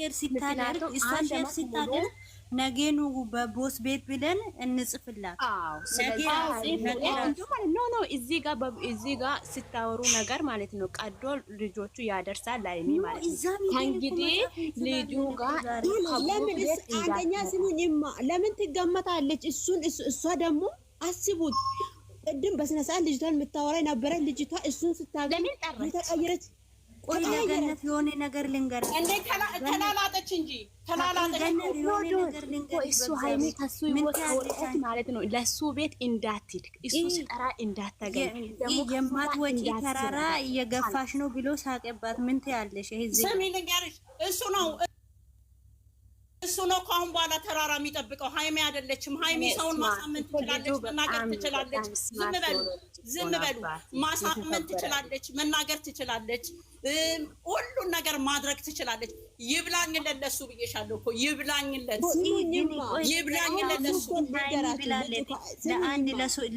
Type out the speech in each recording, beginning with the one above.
ሼር ሲታደርግ እሷን ሼር ሲታደርግ ነገኑ በቦስ ቤት ብለን እንጽፍላት ኖ እዚህ ጋ ስታወሩ ነገር ማለት ነው። ቀዶ ልጆቹ ያደርሳል ላይሚ ማለት ነው። ከእንግዲህ ልጁ ጋአንደኛ ስሙን ማ ለምን ትገመታለች? እሱን እሷ ደግሞ አስቡት። ቅድም በስነስርዓት ልጅቷን የምታወራ የነበረ ልጅቷ እሱን ስታገኝ ተቀይረች። ቆይ የሆነ ነገር ልንገርህ። እንዴ ተላላጠች እንጂ እሱ ሀይሚ ከሱ ይወጣት ማለት ነው። ለሱ ቤት እንዳትሄድ እሱ ስጠራ እንዳታገኝ የማትወጪ ተራራ እየገፋሽ ነው ብሎ ሳቀባት። ምን ትያለሽ? ይሄ ስሚ ልንገርሽ እሱ ነው እሱ ነው ከአሁን በኋላ ተራራ የሚጠብቀው። ሀይሜ አይደለችም። ሀይሜ ሰውን ማሳመን ትችላለች፣ መናገር ትችላለች። ዝም በሉ፣ ዝም በሉ። ማሳመን ትችላለች፣ መናገር ትችላለች፣ ሁሉን ነገር ማድረግ ትችላለች። ይብላኝለት ለሱ ብዬሻለሁ እኮ ይብላኝለት፣ ይብላኝለት ለሱ ለአንድ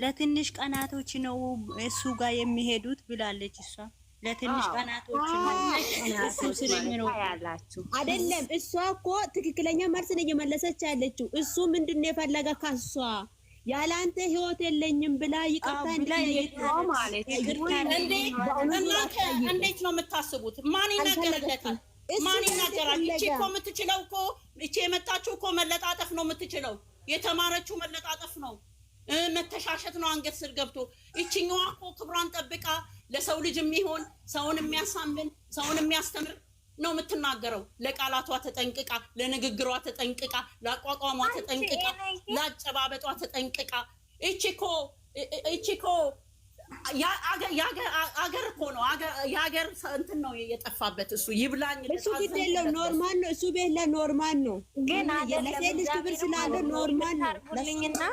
ለትንሽ ቀናቶች ነው እሱ ጋር የሚሄዱት ብላለች እሷ ለትንሽ ቀናቶች አይደለም። እሷ እኮ ትክክለኛ መልስን እየመለሰች ያለችው እሱ ምንድን ነው የፈለገ ከሷ ያላንተ ህይወት የለኝም ብላ ይቅርታ እንዴት ነው የምታስቡት? ማን ይናገርለታል? ማን ይናገራል? እቺ እኮ የምትችለው እኮ እቺ የመጣችው እኮ መለጣጠፍ ነው የምትችለው። የተማረችው መለጣጠፍ ነው፣ መተሻሸት ነው። አንገት ስር ገብቶ ይችኛዋ እኮ ክብሯን ጠብቃ ለሰው ልጅ የሚሆን ሰውን የሚያሳምን ሰውን የሚያስተምር ነው የምትናገረው። ለቃላቷ ተጠንቅቃ፣ ለንግግሯ ተጠንቅቃ፣ ለአቋቋሟ ተጠንቅቃ፣ ለአጨባበጧ ተጠንቅቃ። እቺኮ እቺኮ አገር እኮ ነው የሀገር እንትን ነው የጠፋበት። እሱ ይብላኝ እሱ ግድ የለም ኖርማል ነው። እሱ ቤት ለኖርማል ነው፣ ግን ለሴት ልጅ ክብር ስላለ ኖርማል ነው።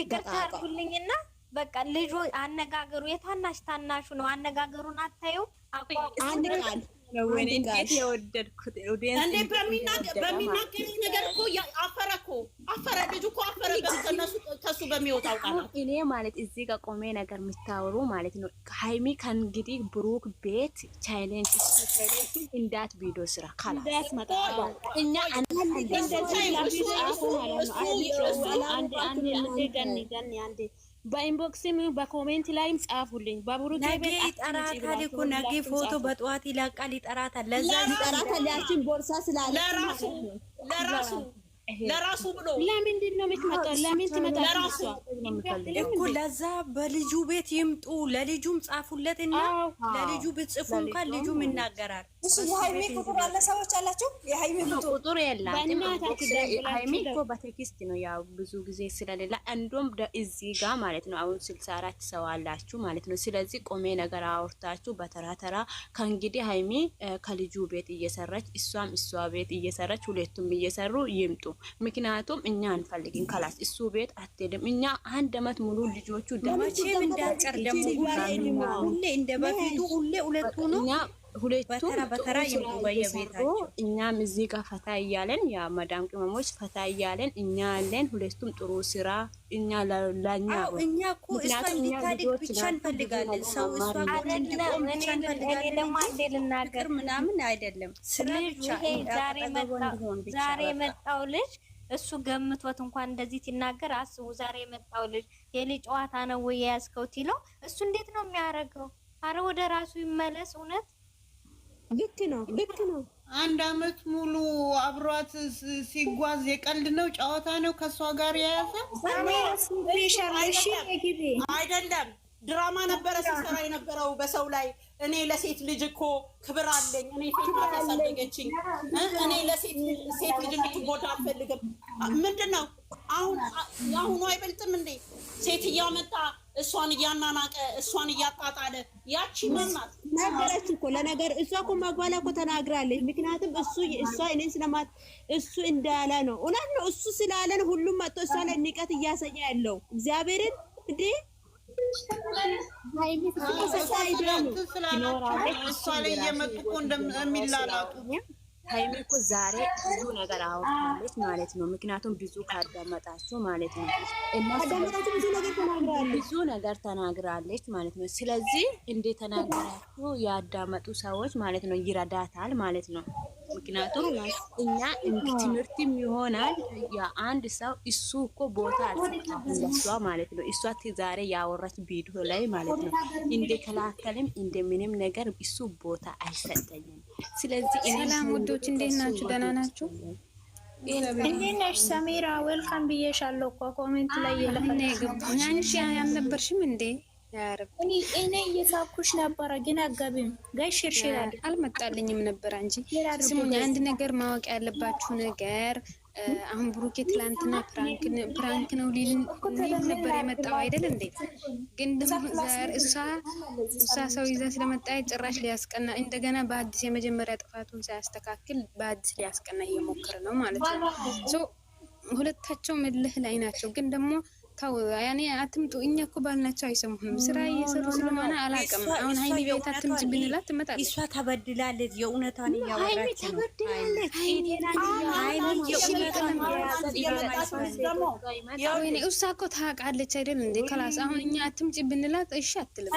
ይቅርታ አድርጉልኝና በቃ ልጆ አነጋገሩ የታናሽ ታናሹ ነው። አነጋገሩን አታዩ አንቃል እንዴት የወደድኩት እንዴ! በሚናገረው ነገር እኮ አፈረ እኮ አፈረ፣ ልጁ እኮ አፈረ። ከሱ በሚወጣው ቃል እኔ ማለት እዚህ ጋር ቆሜ ነገር የምታወሩ ማለት ነው። ሀይሚ ከእንግዲህ ብሩክ ቤት ቻይሌንጅ እንዳት ቪዲዮ ስራ ገኒ ገኒ አንዴ በኢንቦክስም በኮሜንት ላይም ጻፉልኝ። በቡሩኬ ቤት ይጠራታል እኮ ነገ ፎቶ በጠዋት ይላቃል፣ ይጠራታል። ለዛ ይጠራታል። ያችን ቦርሳ ስላለ ለራሱ ለራሱ ለራሱ ብሎ ለምንድን ነው የምትመጣው? ለምን ትመጣለች እኮ ለዛ በልጁ ቤት ይምጡ፣ ለልጁም ጻፉለትና ለልጁ ብጽፉ እንኳን ልጁም ይናገራል። እሱ የሀይሜ ቁጥር አለ። ሰዎች አላቸው የሀይሜ ቁጥር የላትም። ሀይሜ እኮ በቴክስት ነው ያው ብዙ ጊዜ ስለሌላ እንዶም እዚህ ጋር ማለት ነው አሁን ስልሳ አራት ሰው አላችሁ ማለት ነው። ስለዚህ ቆሜ ነገር አውርታችሁ በተራ ከእንግዲህ ሀይሜ ከልጁ ቤት እየሰራች እሷም እሷ ቤት እየሰራች ሁለቱም እየሰሩ ይምጡ። ምክንያቱም እኛ አንፈልግም ከላስ እሱ ቤት አትሄድም። እኛ አንድ አመት ሙሉ ልጆቹ ደመችም እንዳቀር ደግሞ ሁሌ እንደ በፊቱ ሁሌ ሁለቱ ነው ሁለቱ በተራ እኛም እዚህ ጋር ፈታ እያለን ያ መዳም ቅመሞች ፈታ እያለን እኛ አለን። ሁለቱም ጥሩ ስራ እኛ ላኛ እኛ እኮ እሷ እንድታድግ ብቻ እንፈልጋለን። ሰው ምናምን አይደለም ዛሬ የመጣው ልጅ እሱ ገምቶት እንኳን እንደዚህ ሲናገር አስቡ። ዛሬ የመጣው ልጅ የልጅ ጨዋታ ነው ወይ የያዝከው? ይለው እሱ እንዴት ነው የሚያደርገው? አረ ወደ ራሱ ይመለስ እውነት ልክ ነው፣ ልክ ነው። አንድ አመት ሙሉ አብሯት ሲጓዝ የቀልድ ነው፣ ጨዋታ ነው። ከእሷ ጋር የያዘ አይደለም፣ ድራማ ነበረ ሲሰራ የነበረው በሰው ላይ። እኔ ለሴት ልጅ እኮ ክብር አለኝ። እኔ ሴት እኔ ለሴት ሴት ልጅ እንድትጎዳ አልፈልግም። ምንድን ነው አሁን አይበልጥም እንዴ? ሴት እያመጣ እሷን እያናናቀ እሷን እያጣጣለ ያቺ መማት ነገረች እኮ ለነገር እሷ እኮ መግባላ እኮ ተናግራለች። ምክንያቱም እሱ እሷ እኔን ስለማት እሱ እንዳለ ነው እውነት ነው። እሱ ስላለን ሁሉም መጥቶ እሷ ላይ ንቀት እያሰኘ ያለው እግዚአብሔርን እንዴ እሷ ላይ እየመጡ እኮ እንደሚላላጡ ሀይሚ እኮ ዛሬ ብዙ ነገር አውርታለች ማለት ነው። ምክንያቱም ብዙ ካዳመጣችሁ ማለት ነው እና ብዙ ነገር ተናግራለች ማለት ነው። ስለዚህ እንደ ተናገራችሁ ያዳመጡ ሰዎች ማለት ነው ይረዳታል ማለት ነው። ምክንያቱም እኛ ትምህርት ይሆናል አንድ ሰው እሱ እኮ ቦታ እሷ ማለት ነው። እሷ ዛሬ ያወራች ቪዲዮ ላይ ማለት ነው እንደ ከላከልም እንደ ምንም ነገር እሱ ቦታ አይሰጠኝም። ስለዚህ ሰላም ውዶች፣ እንዴት ናችሁ? ደህና ናችሁ? እንዴት ነሽ ሰሜራ? ዌልካም ብዬሻለሁ እኮ ኮሜንት ላይ የለፈ ያንሽ ያልነበርሽም እንዴ እኔ እየሳኩሽ ነበረ፣ ግን አጋቢም ጋይ ሽርሽር አልመጣልኝም ነበረ እንጂ። ስሙኝ አንድ ነገር ማወቅ ያለባችሁ ነገር አሁን ብሩኬ ትላንትና ፕራንክ ነው ሊል ነበር የመጣው አይደል እንዴ? ግን ደግሞ ዛሬ እሷ እሷ ሰው ይዛ ስለመጣ ጭራሽ ሊያስቀና እንደገና በአዲስ የመጀመሪያ ጥፋቱን ሳያስተካክል በአዲስ ሊያስቀና እየሞከረ ነው ማለት ነው። ሁለታቸው እልህ ላይ ናቸው፣ ግን ደግሞ ተው ያኔ አትምጡ። እኛ እኮ ባልናቸው አይሰሙም። ስራ እየሰሩ ስለሆነ አላውቅም። አሁን ሀይሚ ቤት አትምጭ ብንላት ትመጣለች። እሷ ተበድላለች። የእውነቷን እያወራች ነው። እሷ እኮ ታውቃለች አይደል እንዴ? ከላስ አሁን እኛ አትምጭ ብንላት እሺ አትልም።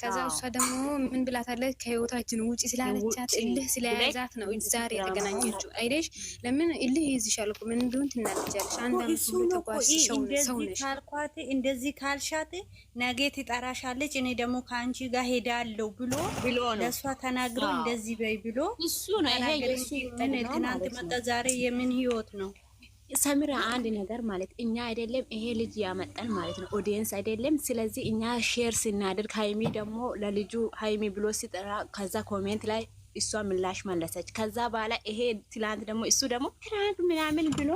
ከዛ እሷ ደግሞ ምን ብላታለች? ከህይወታችን ውጪ ስላለቻት እልህ ስለያዛት ነው ዛሬ የተገናኘችው አይደሽ? ለምን እልህ ይዝሻል እኮ ምን ቢሆን ትናደጃለሽ። አንድ ሁሉ ተጓዝሽው ካልኳት እንደዚህ ካልሻት ነገ ትጠራሻለች፣ እኔ ደግሞ ከአንቺ ጋር ሄዳለሁ ብሎ ብሎ ለእሷ ተናግረው እንደዚህ በይ ብሎ እሱ ነው ትናንት መጣ ዛሬ የምን ህይወት ነው? ሰሚራ አንድ ነገር ማለት እኛ አይደለም ይሄ ልጅ ያመጣን ማለት ነው፣ ኦዲየንስ አይደለም። ስለዚህ እኛ ሼር ስናደርግ ሀይሚ ደግሞ ለልጁ ሀይሚ ብሎ ሲጠራ ከዛ ኮሜንት ላይ እሷ ምላሽ መለሰች። ከዛ በኋላ ይሄ ትላንት ደግሞ እሱ ደግሞ ትላንት ምናምን ብሎ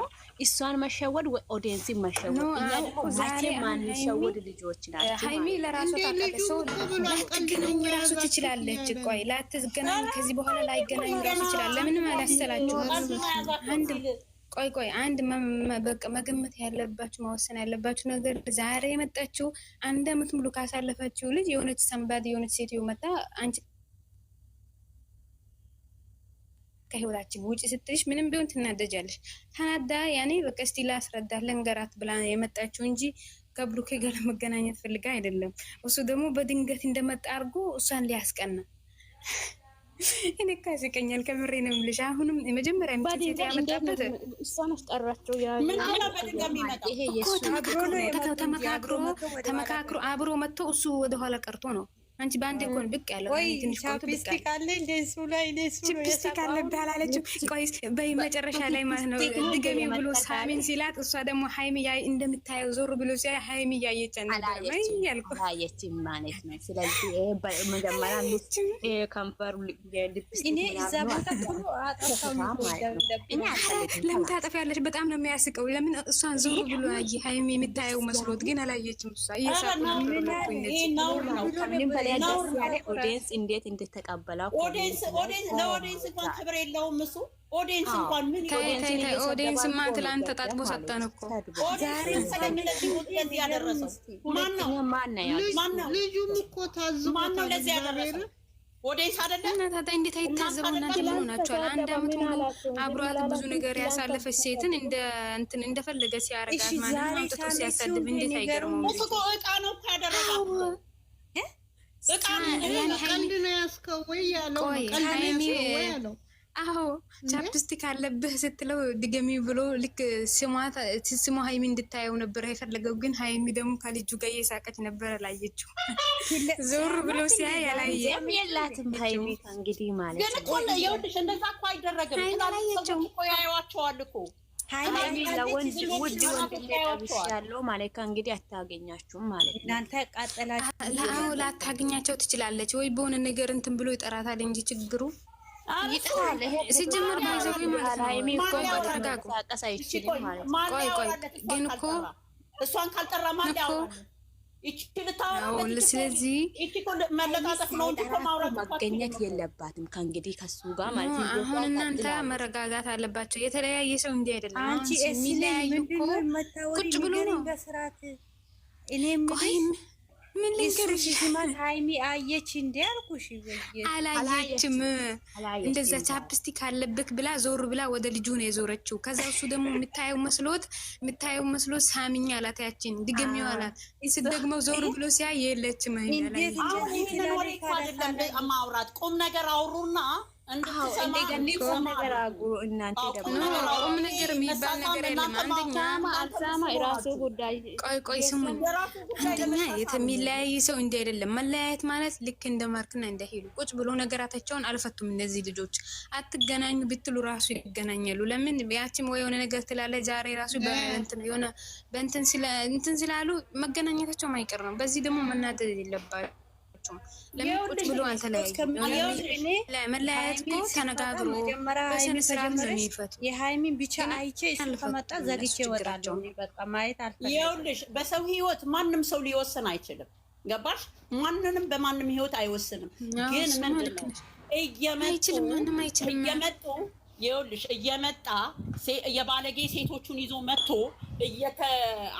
እሷን መሸወድ ኦዲየንስ መሸወድ ማንሸወድ ልጆች ናቸው። ሀይሚ ለራሱ ላትገናኝ ራሱ ትችላለች። ቆይ ላትገናኝ ከዚህ በኋላ ላይገናኝ ራሱ ይችላል። ለምንም አላሰላችሁ አንድ ቆይ ቆይ አንድ በቃ መገመት ያለባችሁ መወሰን ያለባችሁ ነገር ዛሬ የመጣችው አንድ አመት ሙሉ ካሳለፈችው ልጅ የሆነች ሰንባት የሆነች ሴትዮ መጣ አንቺ ከህይወታችን ውጭ ስትልሽ ምንም ቢሆን ትናደጃለሽ። ተናዳ ያኔ በቃ እስቲ ላስረዳ ለንገራት ብላ የመጣችው እንጂ ከብሩኬ ጋር ለመገናኘት ፈልጋ አይደለም። እሱ ደግሞ በድንገት እንደመጣ አድርጎ እሷን ሊያስቀና እኔ እኮ ያስቀኛል ከምሬ ነው የምልሽ። አሁንም የመጀመሪያ ሚሴት ያመጣበት እሷን አስጠራቸው ተመካክሮ አብሮ መጥቶ እሱ ወደኋላ ቀርቶ ነው አንቺ በአንድ ኮን ብቅ ያለው ወይ ቻፕስቲክ አለ እንደሱ ላይ እንደሱ ቻፕስቲክ አለብህ አላለችም። ቆይስ በይ መጨረሻ ላይ ማለት ነው ድገሚ ብሎ ሳሚን ሲላት እሷ ደግሞ ሀይሚ ያይ እንደምታየው ዞር ብሎ ሲያ ሀይሚ እያየች አላየችም ማለት ነው። ስለዚህ መጀመሪያ ከንፈሩ እኔ እዛ ቦታ ለምን ታጠፊያለሽ? በጣም ነው የሚያስቀው። ለምን እሷን ዞር ብሎ አየ ሀይሚ የምታየው መስሎት፣ ግን አላየችም እሷ መጀመሪያ ደስ ያለ ኦዲየንስ እንዴት እንደተቀበላ ለኦዲየንስ እንኳን ክብር የለውም እሱ። ኦዲየንስ እንኳን ምን ኦዲየንስማ ትላንት ተጣጥቦ ሰጠን እኮ ልጁም እኮ ታዝቦ ማነው ለዚህ ያደረሰው? ወዴት አይደለም እናታታ እንዴት አይታዘቡና እንዴት ሆናችኋል? አንድ አመት ሙሉ አብሯት ብዙ ነገር ያሳለፈች ሴትን እንደ እንትን እንደፈለገ ሲያረጋት ማለት ነው፣ አምጥቶ ሲያሳድብ እንዴት አይገርምም? እሱ እኮ እቃ ነው ካደረጋት አዎ ቻፕስቲክ አለብህ ስትለው ድገሚ ብሎ ልክ ስሟ ሀይሚ እንድታየው ነበር የፈለገው። ግን ሀይሚ ደግሞ ከልጁ ጋር እየሳቀች ነበር ላየችው። ዞር ብሎ ሲያ ያላየ የላትም ሀይሚ እንግዲህ ማለት ነው። ግን እኮ ይኸውልሽ እንደዛ እኮ አይደረግም። ያዩዋቸዋል እኮ ለወንድ ውድ ወንድ ያለው ማለካ እንግዲህ አታገኛችሁም ማለት ነው። እናንተ ቃጠላችሁ ላታገኛቸው ትችላለች ወይ በሆነ ነገር እንትን ብሎ ይጠራታል እንጂ ችግሩ ይጠራል። ሲጀምር ባይዘው ማለት ነው። ተረጋጉ። ቆይ ቆይ ግን እኮ እሷን ካልጠራ ማ ስለዚህ መገኘት የለባትም ከእንግዲህ ከሱ ጋር ማለት ነው። አሁን እናንተ መረጋጋት አለባቸው። የተለያየ ሰው እንዲህ አይደለም። ቁጭ ብሎ ነው። ምን ልንገርሽ፣ ሀይሚ አየች እንዴ አልኩሽ። አላየችም። እንደዛ ቻፕስቲክ አለብክ ብላ ዞር ብላ ወደ ልጁ ነው የዞረችው። ከዛ እሱ ደግሞ የምታየው መስሎት የምታየው መስሎት ሳሚኝ አላት። ያችን ድገሚው አላት። ስደግመው ዞር ብሎ ሲያይ የለችም። ማውራት ቁም ነገር አውሩና ነገር የሚባል ነገር አንደኛ አልሰማ የራሱ ጉዳይ። አንደኛ የሚለያይ ሰው እንዲህ አይደለም። መለያየት ማለት ልክ እንደ ማርክና እንደ ሄሉ ቁጭ ብሎ ነገራታቸውን አልፈቱም። እነዚህ ልጆች አትገናኙ ብትሉ ራሱ ይገናኛሉ። ለምን ያችም ወይ የሆነ ነገር ትላለ። ዛሬ ራሱ በእንትን ስላሉ መገናኘታቸው ማይቀር ነው። በዚህ ደግሞ መናደድ የለባቸው አይደላችሁም። ለምን ብሎ አልተለያዩም? እኮ ተነጋግሮ በስነ ስርዓት ነው የሚፈቱ። የሃይሚን ብቻ አይቼ እሱ ከመጣ ዘግቼ እወጣለሁ። በቃ ማየት ይኸውልሽ በሰው ህይወት ማንም ሰው ሊወስን አይችልም። ገባሽ? ማንንም በማንም ህይወት አይወስንም። ግን ምንድን ነው እየመጡ ይኸውልሽ እየመጣ የባለጌ ሴቶቹን ይዞ መጥቶ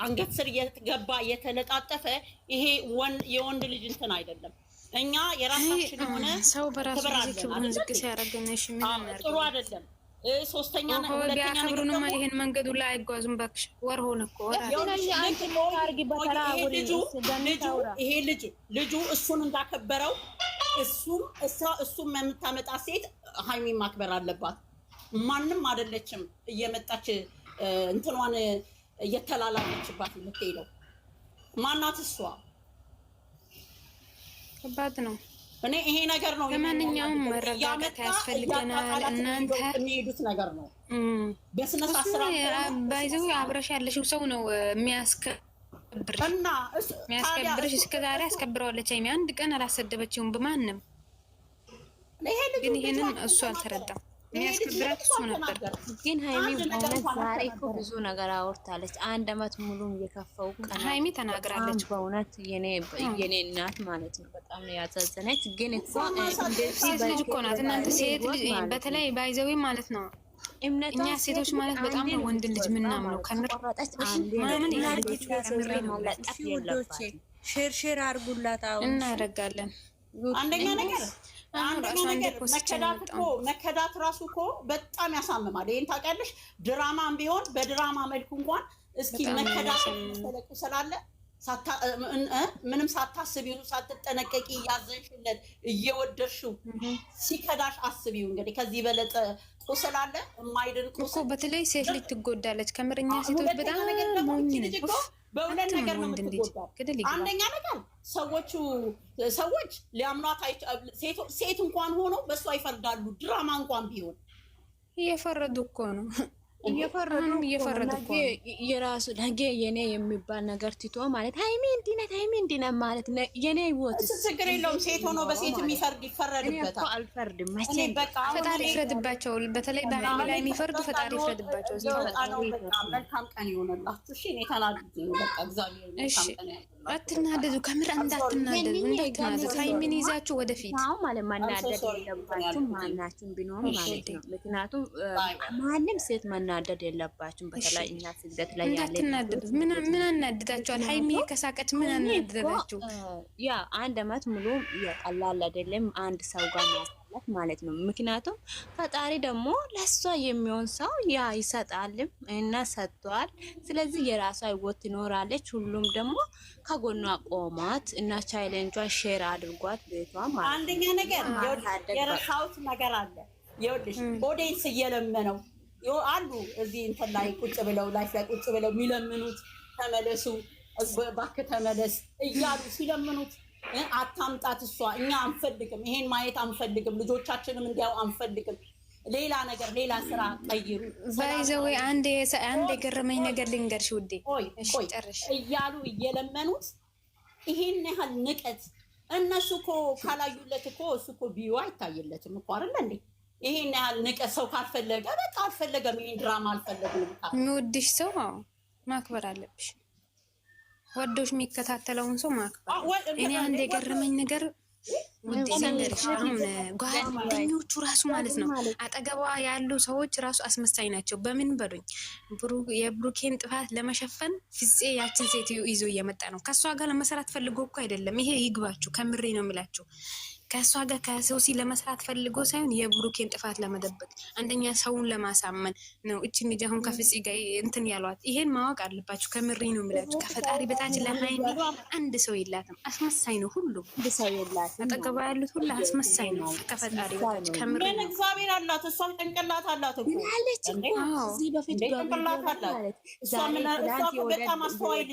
አንገት ስር እየገባ እየተለጣጠፈ ይሄ የወንድ ልጅ እንትን አይደለም። እኛ የራሳችን የሆነ ሰው በራሱ ጥሩ አይደለም። ሶስተኛ ሁለተኛ ነገሩንማ ይሄን መንገዱ ላይ አይጓዙም። እባክሽ ወር ሆነ እኮ ይሄ ልጁ ልጁ እሱን እንዳከበረው እሱም እሷ እሱም የምታመጣ ሴት ሀይሚን ማክበር አለባት። ማንም አይደለችም እየመጣች እንትኗን እየተላላለችባት የምትሄደው ማናት እሷ? ከባድ ነው። እኔ ይሄ ነገር ነው ለማንኛውም መረጋጋት ያስፈልገናል። እናንተ የሚሄዱት ነገር ነው በስነ ስርዓት አብረሽ ያለሽው ሰው ነው የሚያስከ የሚያስከብርሽ። ዛሬ አስከብረዋለች። አንድ ቀን አላሰደበችውም በማንም ግን ይሄንን እሱ አልተረዳም። ግን ሀይሚ በእውነት ዛሬ እኮ ብዙ ነገር አውርታለች። አንድ አመት ሙሉ እየከፈው ሀይሚ ተናግራለች። በእውነት የኔ እናት ማለት ነው በጣም ነው ያዛዘነች። ግን እኮ ሴት ልጅ እኮ ናት እናንተ ሴት ልጅ በተለይ ባይዘዊ ማለት ነው እኛ ሴቶች ማለት በጣም ነው ወንድ ልጅ ምናምነው ከምር ምናምን ያለች ምሬ አርጉላት። እናደርጋለን አንደኛ ነገር አንደኛ ነገር መከዳት እኮ መከዳት ራሱ እኮ በጣም ያሳምማል። ይህን ታውቂያለሽ። ድራማም ቢሆን በድራማ መልኩ እንኳን እስኪ መከዳት ተለቁ ስላለ ምንም ሳታስቢው ሳትጠነቀቂ እያዘንሽለት እየወደድሽው ሲከዳሽ አስቢው። እንግዲህ ከዚህ በለጠ ቁስል አለ የማይድን ቁስል። በተለይ ሴት ልጅ ትጎዳለች። ከምርኛ ሴቶች በጣም ሞኝ ነች። በሁለት ነገር ነው የምትጎዳው። አንደኛ ነገር ሰዎቹ ሰዎች ሊያምኗት ሴት እንኳን ሆኖ በእሷ ይፈርዳሉ። ድራማ እንኳን ቢሆን እየፈረዱ እኮ ነው እየፈረዱ እየፈረዱ የራሱ ነገ የኔ የሚባል ነገር ትቶ ማለት ሃይሜ እንዲነት ናት እንዲነት ማለት የኔ ህይወት ችግር የለውም። ሴት ሆኖ በሴት የሚፈርድ ይፈረድበታል። አልፈርድም ፈጣሪ ይፍረድባቸው። በተለይ በሃይሜ ላይ የሚፈርዱ ፈጣሪ ይፍረድባቸው። መልካም ቀን ይሆንላችሁ። እሺ እኔ ተናድጄ ነው በቃ እግዚአብሔር መልካም ቀን አትናደዱ፣ ከምር እንዳትናደዱ፣ እንዳትናደዱ ሃይሚን ይዛችሁ ወደፊት አሁን ማለት መናደድ የለባችሁም ማናችን ቢኖር ማለት ነው። ምክንያቱም ማንም ሴት መናደድ የለባችሁም። በተለይ እኛ ስደት ላይ ያለ እንዳትናደዱ። ምን ምን አናድዳችኋል? ሃይሚ ከሳቀች ምን አናድዳችሁ? ያ አንድ አመት ሙሉ ቀላል አይደለም አንድ ሰው ጋር አላት ማለት ነው። ምክንያቱም ፈጣሪ ደግሞ ለሷ የሚሆን ሰው ያ ይሰጣልም እና ሰጥቷል። ስለዚህ የራሷ ህይወት ትኖራለች። ሁሉም ደግሞ ከጎኗ ቆማት እና ቻይለንጇ ሼር አድርጓት ቤቷ ማለት አንደኛ ነገር የረሳሁት ነገር አለ። ይኸውልሽ ኦዴንስ እየለመነው አሉ እዚህ እንትን ላይ ቁጭ ብለው ላይፍ ላይ ቁጭ ብለው የሚለምኑት ተመለሱ፣ እባክህ ተመለስ እያሉ ሲለምኑት አታምጣት እሷ። እኛ አንፈልግም፣ ይሄን ማየት አንፈልግም፣ ልጆቻችንም እንዲያው አንፈልግም። ሌላ ነገር ሌላ ስራ ቀይሩ። ባይዘዌ አንድ የገረመኝ ነገር ልንገርሽ ውዴ፣ ጨርሽ እያሉ እየለመኑት ይሄን ያህል ንቀት እነሱ እኮ ካላዩለት እኮ እሱ እኮ ቢዩ አይታይለትም እኮ አይደለ እንዴ? ይሄን ያህል ንቀት ሰው ካልፈለገ በቃ አልፈለገም። ይህን ድራማ አልፈለግም። የሚወድሽ ሰው ማክበር አለብሽ። ወዶሽ የሚከታተለውን ሰው ማክበር። እኔ አንድ የገረመኝ ነገር ውዴ አሁን ጓደኞቹ ራሱ ማለት ነው አጠገቧ ያሉ ሰዎች ራሱ አስመሳኝ ናቸው። በምን በሉኝ፣ የብሩኬን ጥፋት ለመሸፈን ፍፄ ያችን ሴትዮ ይዞ እየመጣ ነው። ከእሷ ጋር ለመሰራት ፈልጎ እኮ አይደለም። ይሄ ይግባችሁ፣ ከምሬ ነው የሚላችሁ ከእሷ ጋር ከሶሲ ለመስራት ፈልጎ ሳይሆን የብሩኬን ጥፋት ለመደበቅ አንደኛ ሰውን ለማሳመን ነው። እችን ልጅ አሁን ከፍጽ ጋ እንትን ያሏት ይሄን ማወቅ አለባችሁ። ከምሪ ነው የሚላችሁ። ከፈጣሪ በታች ለሀይኒ አንድ ሰው የላትም። አስመሳይ ነው ሁሉም። አጠገባ ያሉት ሁሉ አስመሳይ ነው። ከፈጣሪ በታች ከምሪ ነው። እግዚአብሔር አላት። እሷም ጭንቅላት አላት እኮ እዚህ በፊት ጭንቅላት አላት። እሷ በጣም አስተዋይ ልጅ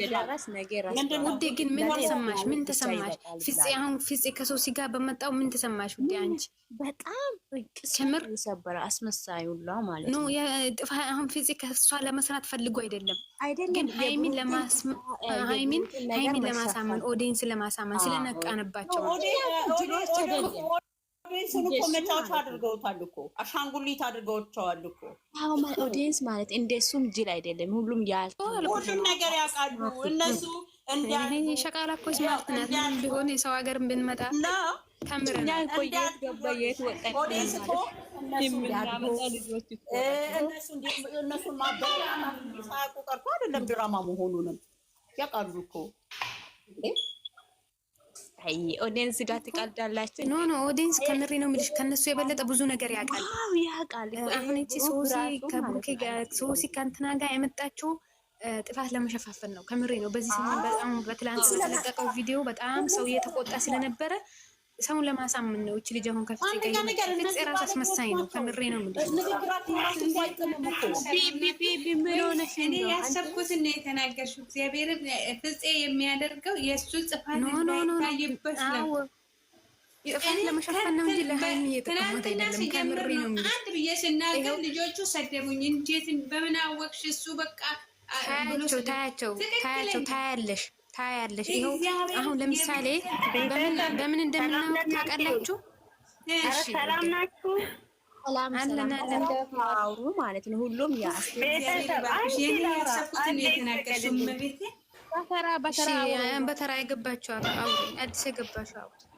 ውዴ ግን ምን ተሰማሽ? ምን ተሰማሽ? ፍጽ አሁን ፍጽ ከሶሲ ጋር በመጣ ሲወጣው ምን ተሰማሽ ውዴ? አንቺ በጣም ስምር ሰበረ አስመሳይ ሁላ ማለት ነው። አሁን ፊዚ ከሷ ለመስራት ፈልጎ አይደለም ግን ሀይሚን ሀይሚን ሀይሚን ለማሳመን ኦዲንስ ለማሳመን ስለነቃንባቸው ኦዲንስን እኮ መጫወቻ አድርገውታል እኮ አሻንጉሊት አድርገውቸዋል እኮ። አዎ ኦዲንስ ማለት እንደሱም ጅል አይደለም። ሁሉም ያል ሁሉም ነገር ያውቃሉ እነሱ። ሸቃላ እኮ ስማርት ናት። ቢሆን የሰው ሀገር ብንመጣ እነሱን ማበረታታት ሳያውቁ ድራማ መሆኑንም ያውቃሉ እኮ። ኦዲየንስ ጋር ትቀልዳላችሁ። ኖ ኖ ኦዲየንስ ከምሬ ነው የምልሽ፣ ከነሱ የበለጠ ብዙ ነገር ያውቃል ያውቃል። አሁን እቺ ሶሲ ከቡኬ ጋር ሶሲ ከእንትና ጋር የመጣችው ጥፋት ለመሸፋፈን ነው። ከምሬ ነው። በዚህ ሰሞን በጣም በትላንት ስለለቀቀው ቪዲዮ በጣም ሰው እየተቆጣ ስለነበረ ሰውን ለማሳመን ነው። እች ልጅ አሁን ከፊት ራስ አስመሳኝ ነው። ከምሬ ነው። እኔ ያሰብኩትን ነው የተናገርሽው። እግዚአብሔርን ፍፄ የሚያደርገው የእሱ ጽፋት ለመሸፈን ነው እንጂ ልጆቹ ሰደቡኝ። እንዴት በምን አወቅሽ? እሱ በቃ ታያቸው ታያቸው ታያለሽ ታያለሽ። ይኸው አሁን ለምሳሌ በምን እንደምናወቅ ታውቃላችሁ። እሺ ሰላም ናችሁ? ሰላም ማለት ነው። ሁሉም ያ በተራ በተራ የገባችሁ አዲስ የገባችሁ አውሩ